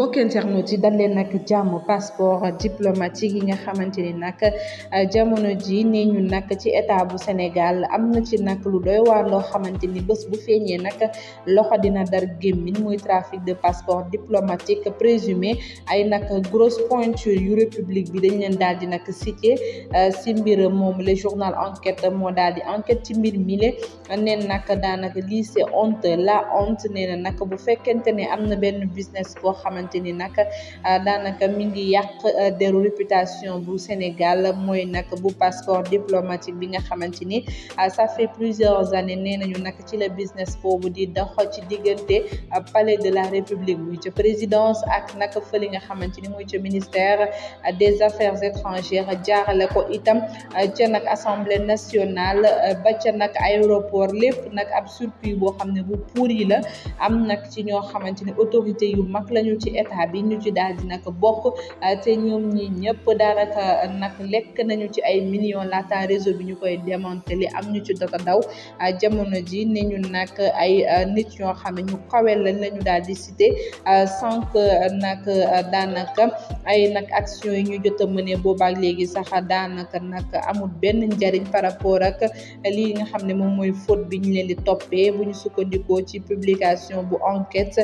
mbokk internautes yi dal leen nag jàmm passeport diplomatique yi nga xamante ni nag euh, jamono ji nee ñu nag ci état bu Sénégal am na ci nag lu doy waar loo xamante ni bés bu feeñee nag loxo dina dar gémmiñ mooy trafic de passeport diplomatique présumé ay nag grosse pointure yu république bi dañ leen daal di nag cité euh, si mbir moom le journal enquête moo daal di enquête ci mbir mi neen nag daanaka lii honte la honte nee na bu fekkente ne am xamante ni nag ah, daanaka mi ngi yàq ah, deru réputation bu Sénégal mooy nag bu passeport diplomatique bi nga xamante ni ah, ça fait plusieurs années nee nañu nag ci la business boobu di dox ci diggante palais de la république bu ca présidence ak nag fële nga xamante ni muy ca ministère des affaires étrangères jaarale ko itam ca nag assemblée nationale ba ca nag aéroport lépp nag ab surprise boo xam ne bu pourri la am nag ci ñoo xamante autorité yu mag lañu ci ci état bi ñu ci daal di nag bokk ah, te ñoom ñi ñëpp daanaka nag lekk nañu ci ay millions laata réseau bi ñu koy démantelé am ñu ci ndaw a ah, jamono ji ne ñu nag ay ah, nit yoo xam ne ñu kawe lañ la ñu daal di cité sans que nag daanaka ay nag action yi ñu jot a mëne boobaak léegi sax daanaka nag amul benn njariñ par rapport ak lii nga xam ne moom mooy faute bi ñu leen di toppee bu ñu sukkandikoo ci publication bu enquête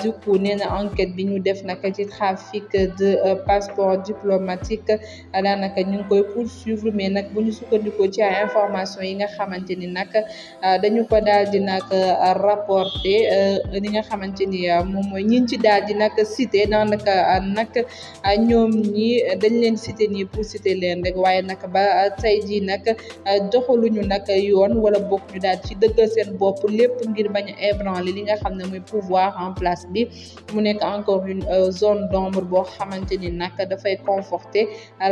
du coup nee na enquête enquête bi ñu def nag ci trafic de euh, passeport diplomatique daanaka ñu ngi koy poursuivre mais nag bu ñu sukkandikoo ci ay information yi nga xamante ni nag euh, dañu ko daal di nag euh, rapporté li nga xamante ni moom mooy ñin ci daal di nag cité daanaka nag ñoom ñi dañ leen cité nii pour cité leen rek waaye nag ba tey jii nag doxaluñu nag yoon wala bokk ñu daal ci dëggal seen bopp lépp ngir bañ a ébranler li nga xam ne mooy pouvoir en place bi mu nekk encore une euh, zone d'ombre boo xamante ni nag dafay conforter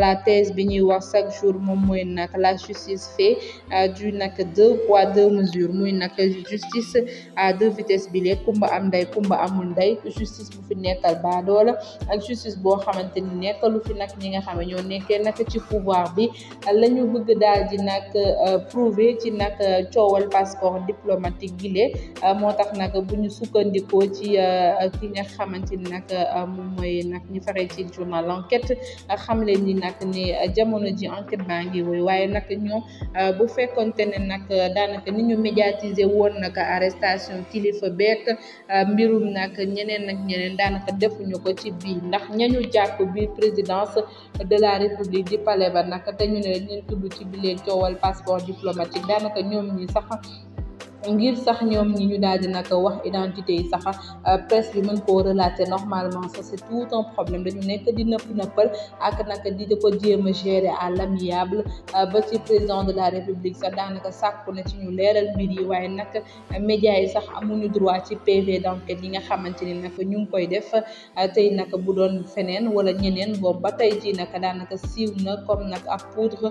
la thèse bi ñuy wax chaque jour moom mooy nag la justice fait euh, du nag deux poids deux mesures muy nag justice à deux vitesses bi lee kumba am ndey kumba amul ndey justice bu fi nekkal baadoola ak justice boo xamante ni nekkalu fi nag ñi nga xam ñoo nekkee nag ci pouvoir bi la ñu bëgg daal di nag euh, prouver ci nag coowal passeport diplomatique gi lee moo tax nag bu ñu sukkandikoo ci ki nga xamante ni nag euh, moom mooy nag ñu faree ci journal l'enquête xam leen ni nag ni euh, jamono ji enquête baa ngi woy waaye nag ñoom euh, bu fekkonte ne nag daanaka ni ñu médiatiser woon nag arrestation kilifa beek mbirum nag ñeneen nag ñeneen daanaka defuñu ko ci bii ndax ñañu jàpp bi présidence de la république di palais ba nag te ñu ne leen tudd ci bileen coowal passeport diplomatique daanaka ñoom ñi sax ngir sax ñoom ñi ñu daal di nag wax identité yi sax euh, presse bi mën koo relater normalement ça c'est tout un problème dañu nekk di nëpp nëppal ak nag di di ko jéem a gérer à l'amiable euh, ba ci président de la république sax daanaka sàkku na ci ñu leeral mbir yi waaye nag médias yi sax amuñu droit ci PV d'enquête yi nga xamante ni nag ñu ngi koy def euh, tey nag bu doon feneen wala ñeneen boobu ba tey jii nag daanaka siiw na comme nag ab poudre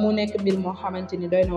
mu nekk mbir moo xamante ni doy na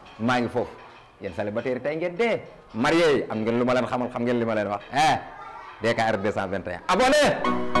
maa ngi foofu yéen célibataire yi tey ngeen dee marié am ngeen lu ma leen xamal xam ngeen li ma leen wax eh DKR 221 abonné